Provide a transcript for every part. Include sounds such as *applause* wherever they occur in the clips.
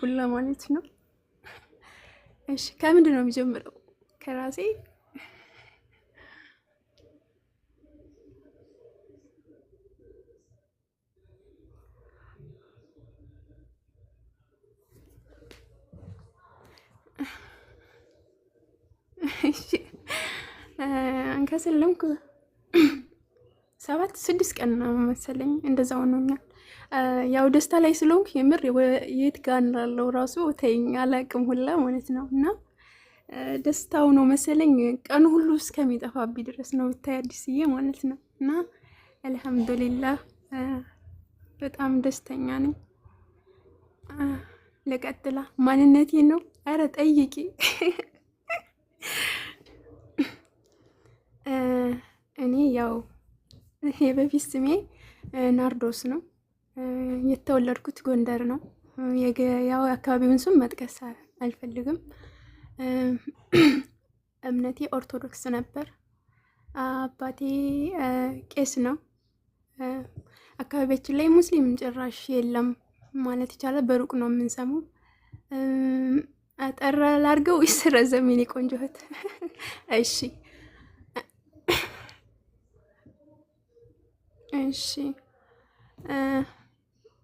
ሁላ ማለት ነው። እሺ ከምንድን ነው የሚጀምረው? ከራሴ አንከሰለምኩ ሰባት ስድስት ቀን ነው መሰለኝ እንደዛ ሆኖኛል። ያው ደስታ ላይ ስለሆንኩ የምር የት ጋ እንላለው ራሱ ተይኝ አላቅም ሁላ ማለት ነው። እና ደስታው ነው መሰለኝ ቀኑ ሁሉ እስከሚጠፋብኝ ድረስ ነው ብታይ አዲስዬ ማለት ነው። እና አልሐምዱሊላህ በጣም ደስተኛ ነኝ። ለቀጥላ ማንነቴ ነው። አረ ጠይቂ እኔ ያው የበፊት ስሜ ናርዶስ ነው። የተወለድኩት ጎንደር ነው። ያው አካባቢውን ስም መጥቀስ አልፈልግም። እምነቴ ኦርቶዶክስ ነበር። አባቴ ቄስ ነው። አካባቢያችን ላይ ሙስሊም ጭራሽ የለም ማለት ይቻላል። በሩቅ ነው የምንሰማው። አጠራ ላርገው ይስረ ዘሚን የኔ እሺ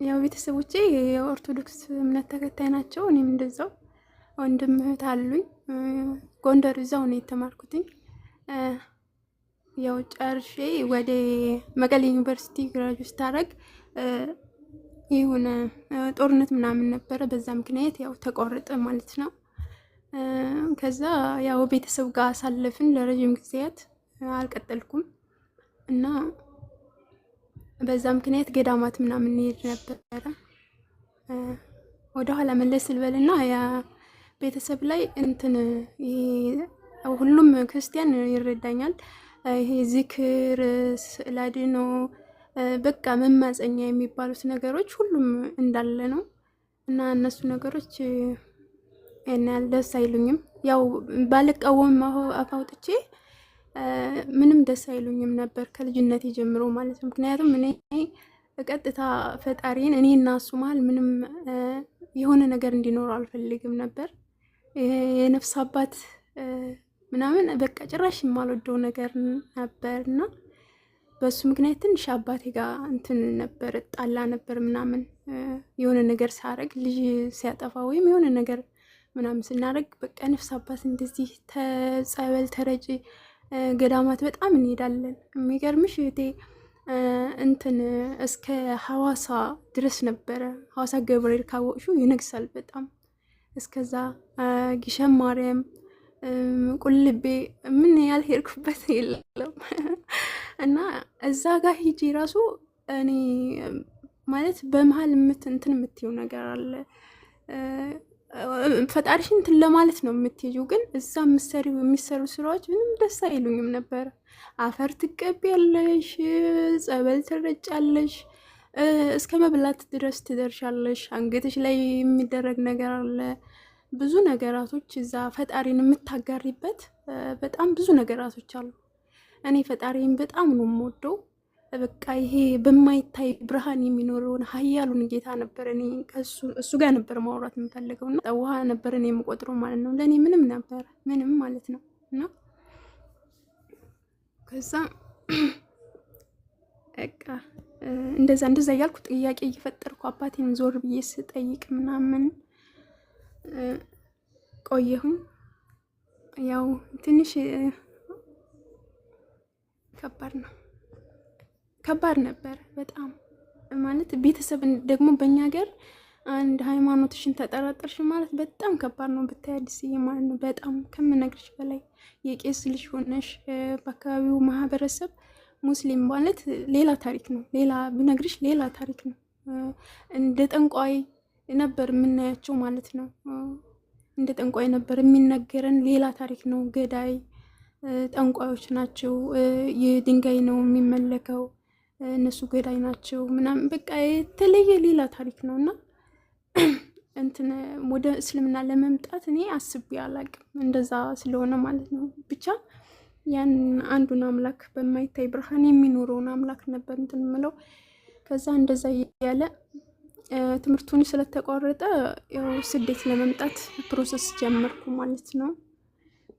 ያው ቤተሰቦቼ የኦርቶዶክስ እምነት ተከታይ ናቸው። እኔም እንደዛው ወንድም እህት አሉኝ። ጎንደር እዛው ነው የተማርኩትኝ። ያው ጨርሼ ወደ መቀሌ ዩኒቨርሲቲ ግራጁዌት ስታደርግ የሆነ ጦርነት ምናምን ነበረ። በዛ ምክንያት ያው ተቆረጠ ማለት ነው። ከዛ ያው ቤተሰብ ጋር አሳለፍን ለረዥም ጊዜያት አልቀጠልኩም እና በዛ ምክንያት ገዳማት ምናምን ሄድ ነበረ። ወደኋላ መለስ ስልበልና ያ ቤተሰብ ላይ እንትን ሁሉም ክርስቲያን ይረዳኛል። ይሄ ዚክር፣ ስዕል በቃ መማፀኛ የሚባሉት ነገሮች ሁሉም እንዳለ ነው እና እነሱ ነገሮች ያን ደስ አይሉኝም። ያው ባልቃወም አፋውጥቼ ምንም ደስ አይሉኝም ነበር ከልጅነት ጀምሮ ማለት ነው። ምክንያቱም እኔ ቀጥታ ፈጣሪን እኔ እና እሱ መሀል ምንም የሆነ ነገር እንዲኖር አልፈልግም ነበር። የነፍስ አባት ምናምን በቃ ጭራሽ የማልወደው ነገር ነበር እና በሱ ምክንያት ትንሽ አባቴ ጋር እንትን ነበር ጣላ ነበር ምናምን የሆነ ነገር ሳረግ ልጅ ሲያጠፋ ወይም የሆነ ነገር ምናምን ስናደርግ በቃ ነፍስ አባት እንደዚህ ተጸበል ተረጭ ገዳማት በጣም እንሄዳለን። የሚገርምሽ እህቴ እንትን እስከ ሐዋሳ ድረስ ነበረ። ሐዋሳ ገብርኤል ካወቅሹ ይነግሳል በጣም እስከዛ ጊሸን ማርያም፣ ቁልቤ ምን ያልሄድኩበት የለም እና እዛ ጋር ሂጂ ራሱ እኔ ማለት በመሀል ምት እንትን የምትይው ነገር አለ ፈጣሪሽን እንትን ለማለት ነው የምትሄጂው። ግን እዛ ምሰሪ የሚሰሩ ስራዎች ምንም ደስ አይሉኝም ነበረ። አፈር ትቀቢያለሽ፣ ጸበል ትረጫለሽ፣ እስከ መብላት ድረስ ትደርሻለሽ። አንገትሽ ላይ የሚደረግ ነገር አለ። ብዙ ነገራቶች እዛ ፈጣሪን የምታጋሪበት በጣም ብዙ ነገራቶች አሉ። እኔ ፈጣሪን በጣም ነው የምወደው። በቃ ይሄ በማይታይ ብርሃን የሚኖረውን ሀያሉን ጌታ ነበር እኔ እሱ ጋር ነበር ማውራት የምፈልገው እና ውሃ ነበር እኔ የምቆጥረው ማለት ነው። ለእኔ ምንም ነበር ምንም ማለት ነው እና ከዛ በቃ እንደዛ እንደዛ እያልኩ ጥያቄ እየፈጠርኩ አባቴን ዞር ብዬ ስጠይቅ ምናምን ቆየሁም። ያው ትንሽ ከባድ ነው። ከባድ ነበር በጣም ማለት ቤተሰብ ደግሞ በእኛ ሀገር አንድ ሃይማኖትሽን ተጠራጠርሽ ማለት በጣም ከባድ ነው። ብታይ አዲስዬ ማለት ነው በጣም ከምነግርሽ በላይ የቄስ ልጅ ሆነሽ በአካባቢው ማህበረሰብ ሙስሊም ማለት ሌላ ታሪክ ነው። ሌላ ብነግርሽ ሌላ ታሪክ ነው። እንደ ጠንቋይ ነበር የምናያቸው ማለት ነው። እንደ ጠንቋይ ነበር የሚነገረን። ሌላ ታሪክ ነው። ገዳይ ጠንቋዮች ናቸው። የድንጋይ ነው የሚመለከው እነሱ ገዳይ ናቸው ምናምን በቃ የተለየ ሌላ ታሪክ ነው እና እንትን ወደ እስልምና ለመምጣት እኔ አስቤ አላቅም። እንደዛ ስለሆነ ማለት ነው ብቻ ያን አንዱን አምላክ በማይታይ ብርሃን የሚኖረውን አምላክ ነበር እንትን ምለው። ከዛ እንደዛ እያለ ትምህርቱን ስለተቋረጠ ያው ስደት ለመምጣት ፕሮሰስ ጀመርኩ ማለት ነው።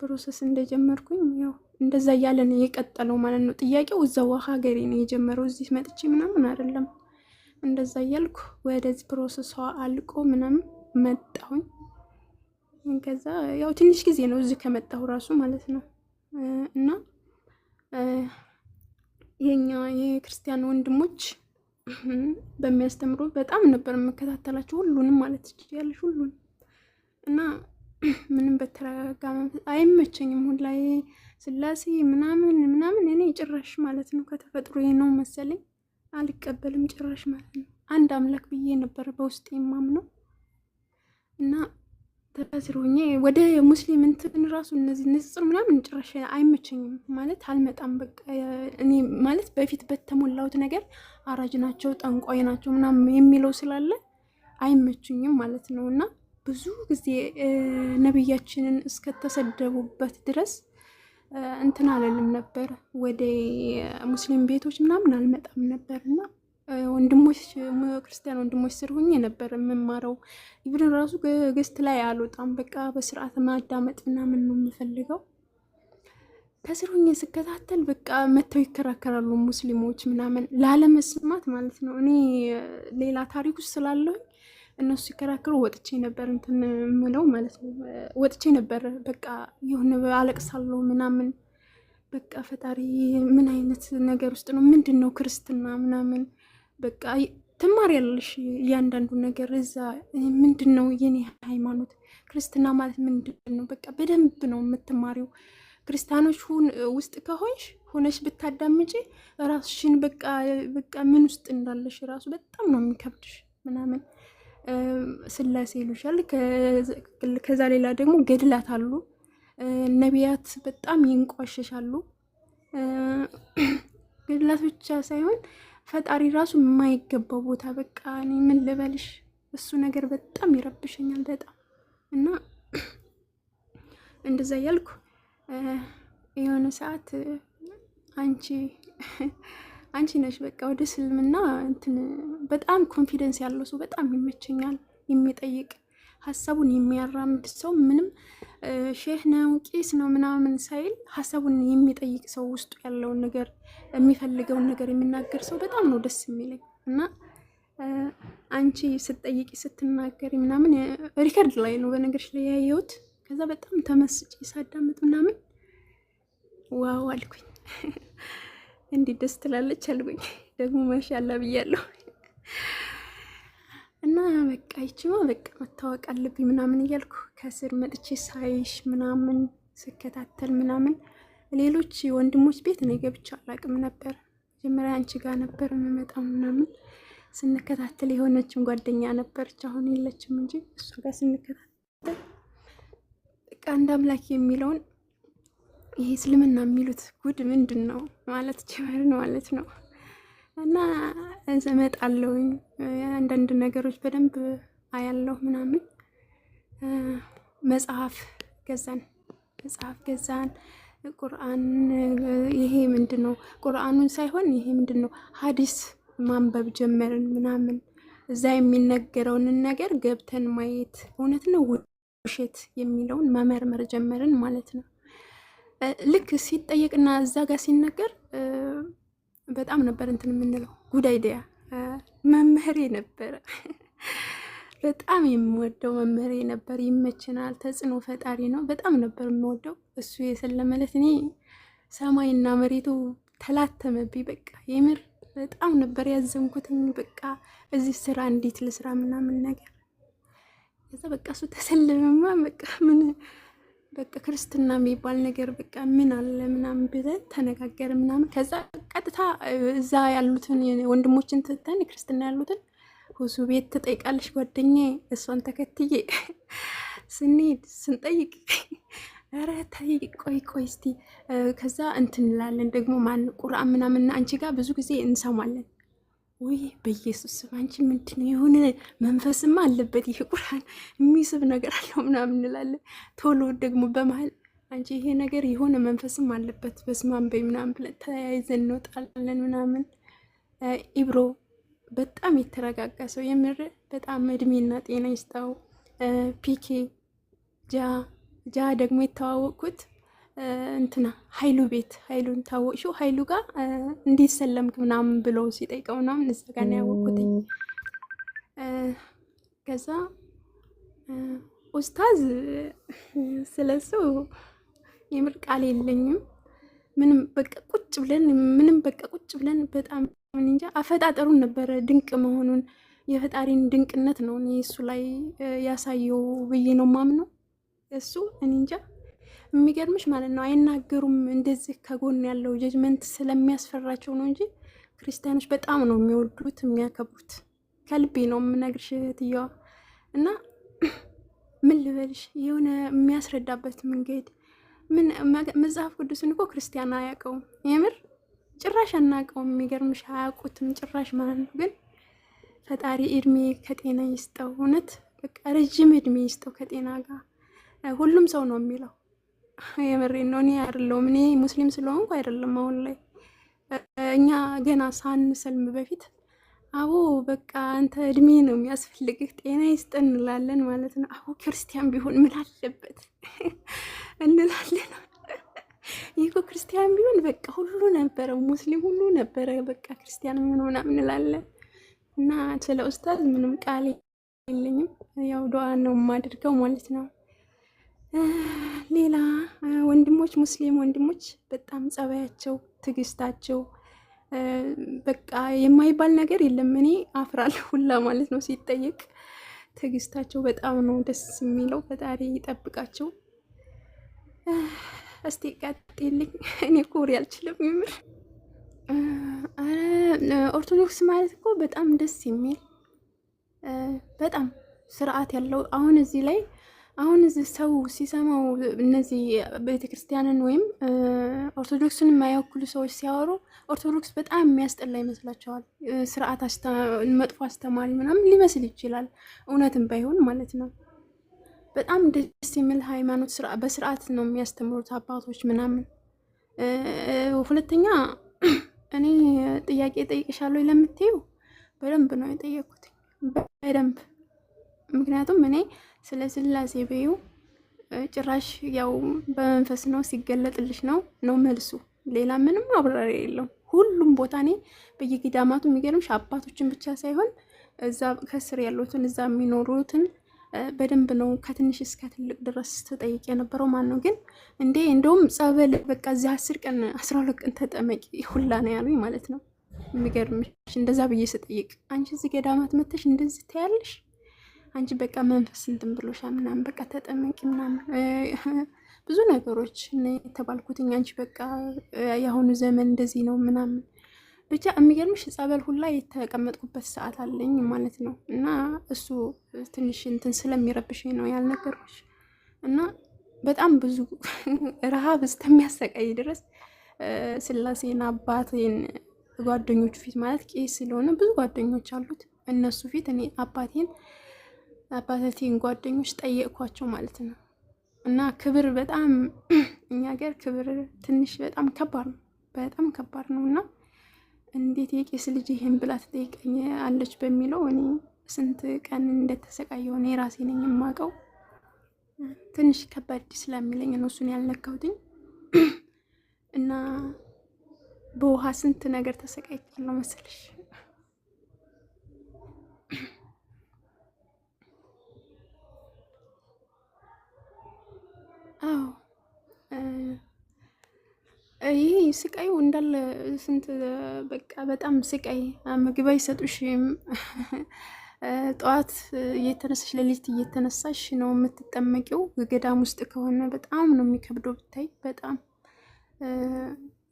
ፕሮሰስ እንደጀመርኩኝ ያው እንደዛ እያለ ነው የቀጠለው ማለት ነው። ጥያቄው እዛው ሀገሬ ነው የጀመረው፣ እዚህ መጥቼ ምናምን አይደለም። እንደዛ እያልኩ ወደዚህ ፕሮሰሷ አልቆ ምናምን መጣሁኝ። ከዛ ያው ትንሽ ጊዜ ነው እዚህ ከመጣሁ ራሱ ማለት ነው። እና የኛ የክርስቲያን ወንድሞች በሚያስተምሩ በጣም ነበር የምከታተላቸው ሁሉንም ማለት ትችያለሽ፣ ሁሉንም እና ምንም በተረጋጋ አይመቸኝም። ሁላ ስላሴ ምናምን ምናምን እኔ ጭራሽ ማለት ነው ከተፈጥሮ ነው መሰለኝ አልቀበልም ጭራሽ ማለት ነው። አንድ አምላክ ብዬ ነበር በውስጥ የማምነው እና ተታዝሮኛ ወደ ሙስሊም እንትን ራሱ እነዚህ ንጽጽር ምናምን ጭራሽ አይመቸኝም ማለት አልመጣም። በቃ እኔ ማለት በፊት በተሞላሁት ነገር አራጅ ናቸው ጠንቋይ ናቸው ምናምን የሚለው ስላለ አይመችኝም ማለት ነው እና ብዙ ጊዜ ነቢያችንን እስከተሰደቡበት ድረስ እንትን አለልም ነበር። ወደ ሙስሊም ቤቶች ምናምን አልመጣም ነበር እና ወንድሞች ክርስቲያን ወንድሞች ስር ሁኜ ነበር የምማረው። ኢቭን ራሱ ገስት ላይ አልወጣም። በቃ በስርዓት ማዳመጥ ምናምን ነው የምፈልገው። ከስር ሁኜ ስከታተል በቃ መተው ይከራከራሉ ሙስሊሞች ምናምን ላለመስማት ማለት ነው። እኔ ሌላ ታሪክ ውስጥ ስላለሁኝ እነሱ ሲከራከሩ ወጥቼ ነበር እንትን ምለው ማለት ነው። ወጥቼ ነበር በቃ የሆነ አለቅሳለሁ ምናምን በቃ ፈጣሪ ምን አይነት ነገር ውስጥ ነው? ምንድን ነው ክርስትና ምናምን በቃ ትማር ያለሽ እያንዳንዱ ነገር እዛ ምንድን ነው የኔ ሃይማኖት ክርስትና ማለት ምንድን ነው? በቃ በደንብ ነው የምትማሪው። ክርስቲያኖች ውስጥ ከሆንሽ ሆነሽ ብታዳምጪ ራስሽን በቃ በቃ ምን ውስጥ እንዳለሽ ራሱ በጣም ነው የሚከብድሽ ምናምን ስላሴ ይሉሻል። ከዛ ሌላ ደግሞ ገድላት አሉ። ነቢያት በጣም ይንቋሸሻሉ። ገድላት ብቻ ሳይሆን ፈጣሪ ራሱ የማይገባው ቦታ በቃ እኔ ምን ልበልሽ፣ እሱ ነገር በጣም ይረብሸኛል በጣም እና እንደዛ እያልኩ የሆነ ሰዓት አንቺ አንቺ ነሽ በቃ ወደ ስልምና እንትን በጣም ኮንፊደንስ ያለው ሰው በጣም ይመቸኛል። የሚጠይቅ ሀሳቡን የሚያራምድ ሰው ምንም ሼህ ነው ቄስ ነው ምናምን ሳይል ሀሳቡን የሚጠይቅ ሰው ውስጡ ያለውን ነገር የሚፈልገውን ነገር የሚናገር ሰው በጣም ነው ደስ የሚለኝ እና አንቺ ስትጠይቂ ስትናገሪ ምናምን ሪከርድ ላይ ነው በነገርሽ ላይ ያየሁት። ከዛ በጣም ተመስጭ ሳዳምጥ ምናምን ዋው አልኩኝ። *laughs* እንዲህ ደስ ትላለች አልኩኝ። ደግሞ ማሻላ ብያለሁ። እና በቃ ይችማ በቃ መታወቅ አለብኝ ምናምን እያልኩ ከስር መጥቼ ሳይሽ ምናምን ስከታተል ምናምን ሌሎች ወንድሞች ቤት እኔ ገብቼ አላቅም ነበር። መጀመሪያ አንቺ ጋር ነበር የምመጣው ምናምን ስንከታተል የሆነችን ጓደኛ ነበረች፣ አሁን የለችም እንጂ እሷ ጋር ስንከታተል በቃ አንድ አምላክ የሚለውን ይሄ እስልምና የሚሉት ጉድ ምንድን ነው ማለት ችበርን ማለት ነው። እና እመጣለሁኝ አንዳንድ ነገሮች በደንብ አያለሁ ምናምን መጽሐፍ ገዛን መጽሐፍ ገዛን። ቁርአን ይሄ ምንድን ነው? ቁርአኑን ሳይሆን ይሄ ምንድን ነው? ሀዲስ ማንበብ ጀመርን ምናምን እዛ የሚነገረውንን ነገር ገብተን ማየት እውነት ነው ውሸት የሚለውን መመርመር ጀመርን ማለት ነው። ልክ ሲጠየቅና እዛ ጋር ሲነገር በጣም ነበር እንትን የምንለው ጉድ አይዲያ መምህሬ ነበረ። *laughs* በጣም የምወደው መምህሬ ነበር። ይመችናል። ተጽዕኖ ፈጣሪ ነው። በጣም ነበር የምወደው። እሱ የሰለመለት እኔ ሰማይና መሬቱ ተላተመብኝ። በቃ የምር በጣም ነበር ያዘንኩትኝ። በቃ እዚህ ስራ እንዴት ልስራ ምናምን ነገር ከዛ በቃ እሱ ተሰለመማ በቃ ምን በቃ ክርስትና የሚባል ነገር በቃ ምን አለ ምናምን ብለን ተነጋገር ምናምን። ከዛ ቀጥታ እዛ ያሉትን ወንድሞችን ትተን ክርስትና ያሉትን ሁሱ ቤት ትጠይቃለች ጓደኛዬ። እሷን ተከትዬ ስንሄድ ስንጠይቅ ኧረ ተይ ቆይ ቆይ እስቲ ከዛ እንትን እንላለን ደግሞ ማን ቁርአን ምናምንና አንቺ ጋር ብዙ ጊዜ እንሰማለን ውይ በኢየሱስ ስም አንቺ ምንድነው የሆነ መንፈስም አለበት ይሄ ቁርአን የሚስብ ነገር አለው ምናምን እንላለን። ቶሎ ደግሞ በመሀል አንቺ ይሄ ነገር የሆነ መንፈስም አለበት በስማን በይ ምናምን ብለን ተያይዘን እንወጣለን ምናምን። ኢብሮ በጣም የተረጋጋ ሰው የምር በጣም እድሜና ጤና ይስጣው። ፒኬ ጃ ጃ ደግሞ የተዋወቅኩት እንትና ሀይሉ ቤት ሀይሉን ታወቅሹ ሀይሉ ጋር እንዲሰለምክ ምናምን ብሎ ሲጠይቀው ምናምን እዛ ጋር ነው ያወቁትኝ። ከዛ ኡስታዝ ስለሱ የምር ቃል የለኝም። ምንም በቃ ቁጭ ብለን ምንም በቃ ቁጭ ብለን በጣም እንጃ አፈጣጠሩን ነበረ ድንቅ መሆኑን የፈጣሪን ድንቅነት ነው እኔ እሱ ላይ ያሳየው ብዬ ነው ማምነው። እሱ እኔ እንጃ የሚገርምሽ ማለት ነው አይናገሩም። እንደዚህ ከጎን ያለው ጀጅመንት ስለሚያስፈራቸው ነው እንጂ ክርስቲያኖች በጣም ነው የሚወዱት የሚያከብሩት። ከልቤ ነው የምነግርሽ እህትየዋ። እና ምን ልበልሽ የሆነ የሚያስረዳበት መንገድ ምን መጽሐፍ ቅዱስን እኮ ክርስቲያን አያውቀውም። የምር ጭራሽ አናውቀውም። የሚገርምሽ አያውቁትም ጭራሽ ማለት ነው። ግን ፈጣሪ እድሜ ከጤና ይስጠው። እውነት በቃ ረዥም እድሜ ይስጠው ከጤና ጋር። ሁሉም ሰው ነው የሚለው የምሬን ነው። እኔ አይደለሁም እኔ ሙስሊም ስለሆንኩ አይደለም። አሁን ላይ እኛ ገና ሳንሰልም በፊት አቦ በቃ አንተ እድሜ ነው የሚያስፈልግህ፣ ጤና ይስጥ እንላለን ማለት ነው። አቦ ክርስቲያን ቢሆን ምን አለበት *laughs* እንላለን። ይህ እኮ ክርስቲያን ቢሆን በቃ ሁሉ ነበረ፣ ሙስሊም ሁሉ ነበረ፣ በቃ ክርስቲያን ምን ሆና እንላለን። እና ስለ ኡስታዝ ምንም ቃል የለኝም። ያው ዱዓ ነው የማደርገው ማለት ነው። ሌላ ወንድሞች ሙስሊም ወንድሞች በጣም ጸባያቸው፣ ትዕግስታቸው በቃ የማይባል ነገር የለም። እኔ አፍራለሁ ሁላ ማለት ነው ሲጠየቅ ትዕግስታቸው በጣም ነው ደስ የሚለው። ፈጣሪ ይጠብቃቸው። እስቲ ቀጥልኝ። እኔ ኮሪ አልችልም የምር። ኦርቶዶክስ ማለት እኮ በጣም ደስ የሚል በጣም ስርዓት ያለው አሁን እዚህ ላይ አሁን እዚህ ሰው ሲሰማው እነዚህ ቤተክርስቲያንን ወይም ኦርቶዶክስን የማይወክሉ ሰዎች ሲያወሩ ኦርቶዶክስ በጣም የሚያስጠላ ይመስላቸዋል። ስርዓት መጥፎ አስተማሪ ምናምን ሊመስል ይችላል። እውነትም ባይሆን ማለት ነው። በጣም ደስ የሚል ሃይማኖት በስርዓት ነው የሚያስተምሩት አባቶች ምናምን። ሁለተኛ *clears throat* እኔ ጥያቄ ጠይቅሻለሁ ለምትይው በደንብ ነው የጠየኩት በደንብ ምክንያቱም እኔ ስለ ስላሴ በዩ ጭራሽ ያው በመንፈስ ነው ሲገለጥልሽ ነው ነው መልሱ። ሌላ ምንም አብራሪ የለው። ሁሉም ቦታ እኔ በየገዳማቱ የሚገርምሽ አባቶችን ብቻ ሳይሆን እዛ ከስር ያሉትን እዛ የሚኖሩትን በደንብ ነው ከትንሽ እስከ ትልቅ ድረስ ተጠይቅ የነበረው ማን ነው ግን እንዴ እንደውም ጸበል በቃ እዚህ አስር ቀን አስራ ሁለት ቀን ተጠመቂ ሁላ ነው ያሉኝ ማለት ነው። የሚገርምሽ እንደዛ ብዬ ስጠይቅ አንቺ እዚህ ገዳማት መተሽ እንደዚህ ትያለሽ አንቺ በቃ መንፈስ እንትን ብሎሻ ምናምን በቃ ተጠመቂ ምናምን *laughs* ብዙ ነገሮች የተባልኩትኝ አንቺ በቃ የአሁኑ ዘመን እንደዚህ ነው ምናምን ብቻ የሚገርምሽ ጸበል ሁላ የተቀመጥኩበት ሰዓት አለኝ ማለት ነው። እና እሱ ትንሽ እንትን ስለሚረብሽኝ ነው ያልነገርኩሽ። እና በጣም ብዙ *laughs* ረሃብ እስከሚያሰቃይ ድረስ ስላሴን አባቴን ጓደኞቹ ፊት ማለት ቄስ ስለሆነ ብዙ ጓደኞች አሉት እነሱ ፊት እኔ አባቴን አባተቴን ጓደኞች ጠየቅኳቸው ማለት ነው። እና ክብር በጣም *clears throat* እኛ ሀገር ክብር ትንሽ በጣም ከባድ ነው፣ በጣም ከባድ ነው። እና እንዴት የቄስ ልጅ ይህን ብላ አለች በሚለው እኔ ስንት ቀን እንደተሰቃየው እኔ ራሴ ነኝ የማውቀው። ትንሽ ከባድ ስለሚለኝ ነው እሱን ያልነካሁትኝ። *clears throat* እና በውሃ ስንት ነገር ተሰቃይቻለሁ መሰለሽ። አዎ ይሄ ስቃዩ እንዳለ ስንት በቃ በጣም ስቃይ፣ ምግብ አይሰጡሽም። ጠዋት እየተነሳሽ ሌሊት እየተነሳሽ ነው የምትጠመቂው። ገዳም ውስጥ ከሆነ በጣም ነው የሚከብደው ብታይ። በጣም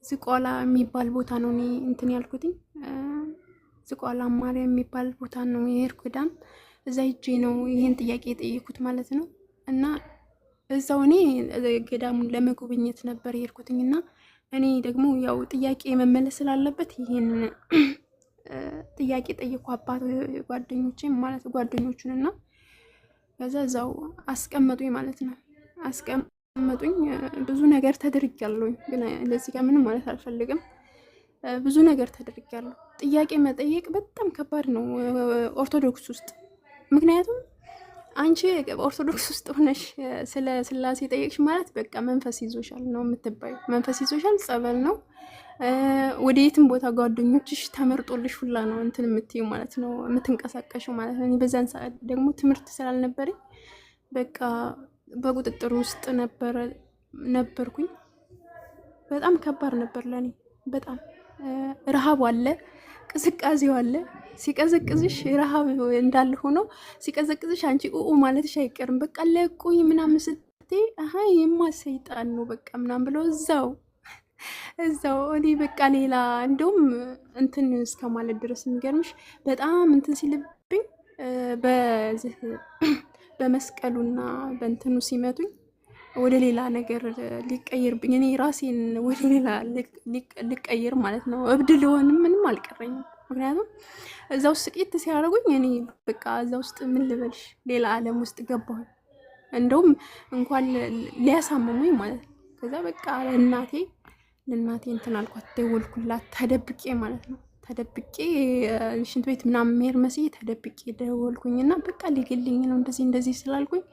ዝቋላ የሚባል ቦታ ነው እኔ እንትን ያልኩትኝ። ዝቋላ ማርያም የሚባል ቦታ ነው የሄድኩ ገዳም። እዛ ሂጄ ነው ይህን ጥያቄ የጠየኩት ማለት ነው እና እዛው እኔ ገዳሙን ለመጎብኘት ነበር የሄድኩትኝ እና እኔ ደግሞ ያው ጥያቄ መመለስ ስላለበት ይህን *clears throat* ጥያቄ ጠየቁ አባት ጓደኞቼ ማለት ጓደኞቹን እና ከዛ እዛው አስቀመጡኝ ማለት ነው። አስቀመጡኝ ብዙ ነገር ተደርጊያለሁኝ፣ ግን ለዚህ ጋር ምንም ማለት አልፈልግም። ብዙ ነገር ተደርጊያለሁ። ጥያቄ መጠየቅ በጣም ከባድ ነው ኦርቶዶክስ ውስጥ ምክንያቱም አንቺ ኦርቶዶክስ ውስጥ ሆነሽ ስለ ስላሴ ጠየቅሽ ማለት በቃ መንፈስ ይዞሻል ነው የምትባዩ። መንፈስ ይዞሻል፣ ጸበል ነው ወደ የትም ቦታ ጓደኞችሽ ተመርጦልሽ ሁላ ነው እንትን የምትይው ማለት ነው የምትንቀሳቀሽው ማለት ነው። በዛን ሰዓት ደግሞ ትምህርት ስላልነበረኝ በቃ በቁጥጥር ውስጥ ነበረ ነበርኩኝ። በጣም ከባድ ነበር ለእኔ በጣም ረሃብ አለ፣ ቅዝቃዜው አለ ሲቀዘቅዝሽ ረሃብ እንዳለ ሆኖ ሲቀዘቅዝሽ አንቺ ኡ ማለትሽ አይቀርም። በቃ ለቁኝ ምናምን ስትይ አሀ የማ ሰይጣን ነው በቃ ምናምን ብሎ እዛው እዛው እኔ በቃ ሌላ እንደውም እንትን እስከ ማለት ድረስ የሚገርምሽ በጣም እንትን ሲልብኝ በዚህ በመስቀሉና በእንትኑ ሲመቱኝ ወደ ሌላ ነገር ሊቀይርብኝ እኔ ራሴን ወደ ሌላ ሊቀይር ማለት ነው። እብድ ልሆንም ምንም አልቀረኝም። ምክንያቱም እዛ ውስጥ ጥቂት ሲያደርጉኝ እኔ በቃ እዛ ውስጥ ምን ልበልሽ ሌላ ዓለም ውስጥ ገባሁኝ። እንደውም እንኳን ሊያሳምሙኝ ማለት ነው። ከዛ በቃ ለእናቴ ለእናቴ እንትን አልኳት፣ ደወልኩላት ተደብቄ ማለት ነው ተደብቄ ሽንት ቤት ምናምን መሄድ መስዬ ተደብቄ ደወልኩኝና በቃ ሊግልኝ ነው እንደዚህ እንደዚህ ስላልኩኝ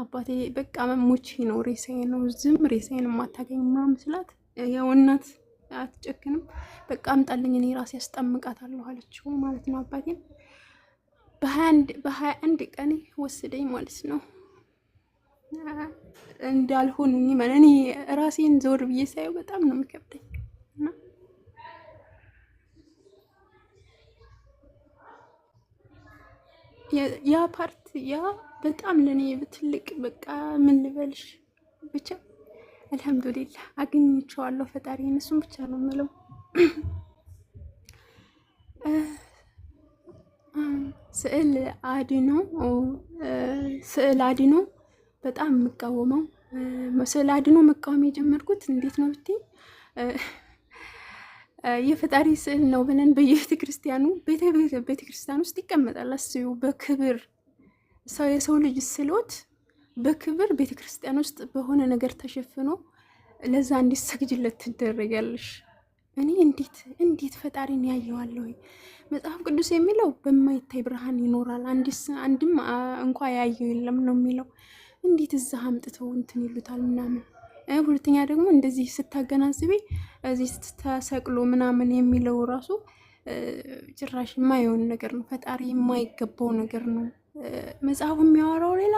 አባቴ በቃ መሞቼ ነው ሬሳዬ ነው ዝም ሬሳዬን የማታገኝ ምናምን ስላት ያው እናት አትጨክንም። በቃ አምጣልኝ እኔ ራሴ ያስጠምቃታለሁ አለችው ማለት ነው። አባቴም በሀያ አንድ ቀን ወስደኝ ማለት ነው እንዳልሆን እኔ ራሴን ዘወር ብዬ ሳየው በጣም ነው የሚከብደኝ። ያ ፓርት ያ በጣም ለእኔ ትልቅ በቃ ምን ልበልሽ ብቻ አልሐምዱሊላህ አግኝቼዋለሁ ፈጣሪ እሱም ብቻ ነው የምለው። ስዕል አድኖ ስዕል አድኖ በጣም የምቃወመው ስዕል አድኖ መቃወም የጀመርኩት እንዴት ነው ብትይ የፈጣሪ ስዕል ነው ብለን በየቤተ ክርስቲያኑ ቤተ ክርስቲያን ውስጥ ይቀመጣል። አስዩ በክብር ሰው የሰው ልጅ ስሎት በክብር ቤተ ክርስቲያን ውስጥ በሆነ ነገር ተሸፍኖ ለዛ እንዴት ሰግጅለት ትደረጋለሽ? እኔ እንዴት እንዴት ፈጣሪን ያየዋለሁ? መጽሐፍ ቅዱስ የሚለው በማይታይ ብርሃን ይኖራል፣ አንድም እንኳ ያየው የለም ነው የሚለው። እንዴት እዛ አምጥተው እንትን ይሉታል ምናምን። ሁለተኛ ደግሞ እንደዚህ ስታገናዝቤ እዚህ ስተሰቅሎ ምናምን የሚለው ራሱ ጭራሽ የማይሆን ነገር ነው። ፈጣሪ የማይገባው ነገር ነው። መጽሐፉ የሚያወራው ሌላ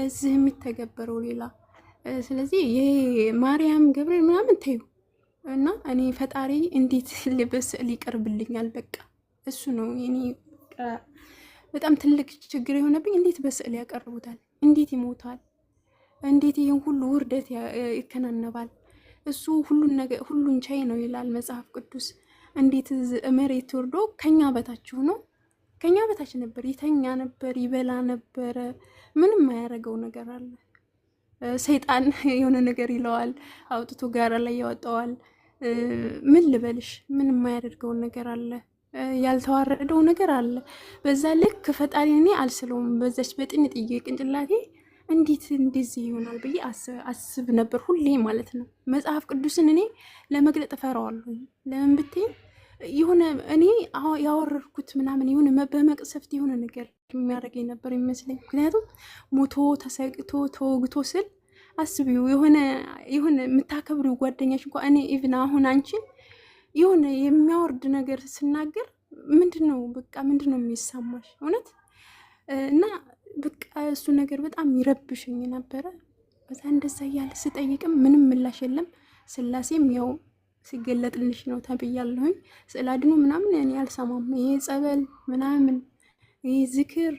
እዚህ የሚተገበረው ሌላ። ስለዚህ ይሄ ማርያም ገብርኤል ምናምን ተዩ እና እኔ ፈጣሪ እንዴት በስዕል ይቀርብልኛል። በቃ እሱ ነው እኔ በጣም ትልቅ ችግር የሆነብኝ። እንዴት በስዕል ያቀርቡታል? እንዴት ይሞታል? እንዴት ይህን ሁሉ ውርደት ይከናነባል? እሱ ሁሉን ሁሉን ቻይ ነው ይላል መጽሐፍ ቅዱስ። እንዴት መሬት ወርዶ ከኛ በታች ሆኖ ከኛ በታች ነበር፣ ይተኛ ነበር፣ ይበላ ነበረ ምንም የማያደርገው ነገር አለ። ሰይጣን *laughs* የሆነ ነገር ይለዋል፣ አውጥቶ ጋራ ላይ ያወጣዋል። ምን ልበልሽ፣ ምንም የማያደርገውን ነገር አለ፣ ያልተዋረደው ነገር አለ። በዛ ልክ ፈጣሪ እኔ አልስለውም። በዛች በጥንጥዬ ቅንጭላቴ እንዴት እንደዚህ ይሆናል ብዬ አስብ ነበር ሁሌ ማለት ነው። መጽሐፍ ቅዱስን እኔ ለመግለጥ እፈራዋለሁ። ለምን ብትይ የሆነ እኔ ያወረድኩት ምናምን የሆነ በመቅሰፍት የሆነ ነገር የሚያደርገኝ ነበር ይመስለኝ። ምክንያቱም ሞቶ ተሰቅቶ ተወግቶ ስል አስቢው የሆነ የሆነ የምታከብሩ ጓደኛች እንኳ እኔ ኢቭን አሁን አንቺ የሆነ የሚያወርድ ነገር ስናገር ምንድን ነው በቃ ምንድን ነው የሚሰማሽ እውነት እና በቃ እሱ ነገር በጣም ይረብሽኝ ነበረ። በዛ እንደዛ እያለ ስጠይቅም ምንም ምላሽ የለም። ስላሴም ያው ሲገለጥልሽ ነው ተብያለሁኝ። ስለ አድኖ ምናምን እኔ አልሰማም። ይሄ ጸበል ምናምን ይሄ ዝክር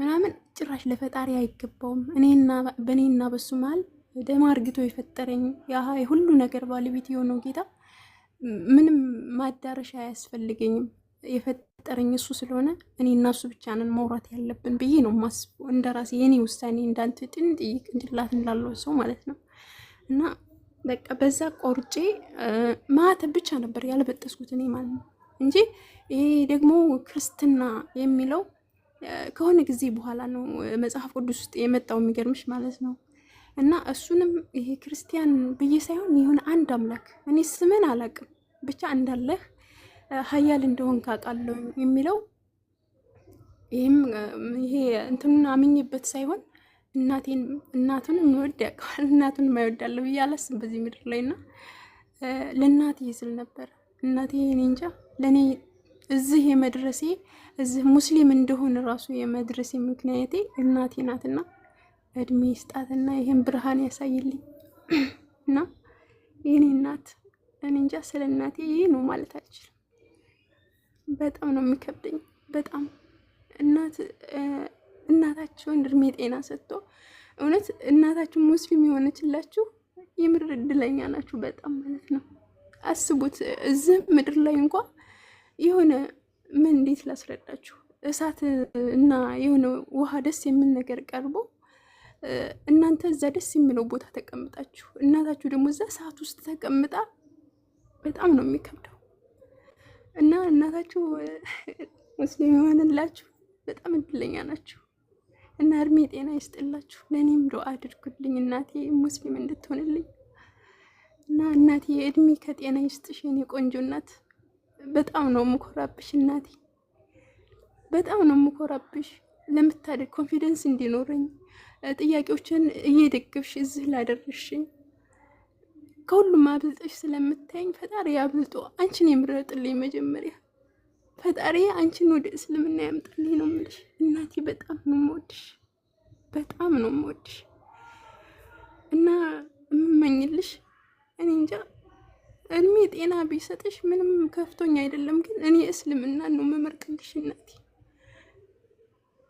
ምናምን ጭራሽ ለፈጣሪ አይገባውም። እኔና በእኔና በሱ መሀል ደም አርግቶ የፈጠረኝ የሁሉ ነገር ባለቤት የሆነው ጌታ ምንም ማዳረሻ አያስፈልገኝም። የፈጠረኝ እሱ ስለሆነ እኔ እና እሱ ብቻ ነን ማውራት ያለብን ብዬ ነው ማስበው። እንደ ራሴ የኔ ውሳኔ እንዳንተ ጥንጥይቅ እንድላት እንዳለው ሰው ማለት ነው እና በቃ በዛ ቆርጬ ማተብ ብቻ ነበር ያለበጠስኩት እኔ ማለት ነው እንጂ ይሄ ደግሞ ክርስትና የሚለው ከሆነ ጊዜ በኋላ ነው መጽሐፍ ቅዱስ ውስጥ የመጣው የሚገርምሽ ማለት ነው። እና እሱንም ይሄ ክርስቲያን ብዬ ሳይሆን የሆነ አንድ አምላክ እኔ ስምን አላቅም ብቻ እንዳለህ ኃያል እንደሆን ካቃለው የሚለው ይህም ይሄ እንትኑን አምኝበት ሳይሆን እናቱን የሚወድ ያውቀዋል፣ *laughs* እናቱን የማይወዳለሁ እያለስም በዚህ ምድር ላይ እና ለእናቴ ስል ነበር እናቴ እኔ እንጃ ለእኔ እዚህ የመድረሴ እዚህ ሙስሊም እንደሆን ራሱ የመድረሴ ምክንያቴ እናቴ ናትና እድሜ ይስጣትና ይህን ብርሃን ያሳይልኝ *clears throat* እና የኔ እናት እኔ እንጃ ስለ እናቴ ይህ ነው ማለት አልችልም። በጣም ነው የሚከብደኝ። በጣም እናት እናታቸውን እድሜ ጤና ሰጥቶ እውነት እናታችሁ ሙስሊም የሆነችላችሁ የምድር እድለኛ ናችሁ በጣም ማለት ነው። አስቡት እዚህ ምድር ላይ እንኳ የሆነ ምን እንዴት ላስረዳችሁ እሳት እና የሆነ ውሃ ደስ የሚል ነገር ቀርቦ እናንተ እዛ ደስ የሚለው ቦታ ተቀምጣችሁ እናታችሁ ደግሞ እዛ እሳት ውስጥ ተቀምጣ በጣም ነው የሚከብደው እና እናታችሁ ሙስሊም የሆንላችሁ በጣም እድለኛ ናችሁ። እና እድሜ ጤና ይስጥላችሁ። ለእኔም ዶ አድርጉልኝ እናቴ ሙስሊም እንድትሆንልኝ እና እናቴ እድሜ ከጤና ይስጥሽ የኔ ቆንጆ እናት። በጣም ነው የምኮራብሽ እናቴ፣ በጣም ነው የምኮራብሽ ለምታደግ ኮንፊደንስ እንዲኖረኝ ጥያቄዎችን እየደግፍሽ እዚህ ላደረሽኝ ከሁሉም አብልጠሽ ስለምታይኝ ፈጣሪ አብልጦ አንቺን የምረጥልኝ መጀመሪያ ፈጣሪ አንቺን ወደ እስልምና ያምጣልኝ ነው የምልሽ እናቴ። በጣም ነው የምወድሽ፣ በጣም ነው የምወድሽ እና የምመኝልሽ እኔ እንጃ እድሜ ጤና ቢሰጥሽ ምንም ከፍቶኝ አይደለም፣ ግን እኔ እስልምና ነው መመርቅልሽ እናቴ።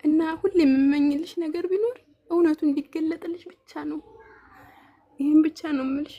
እና ሁሌ የምመኝልሽ ነገር ቢኖር እውነቱ እንዲገለጥልሽ ብቻ ነው። ይህም ብቻ ነው የምልሽ።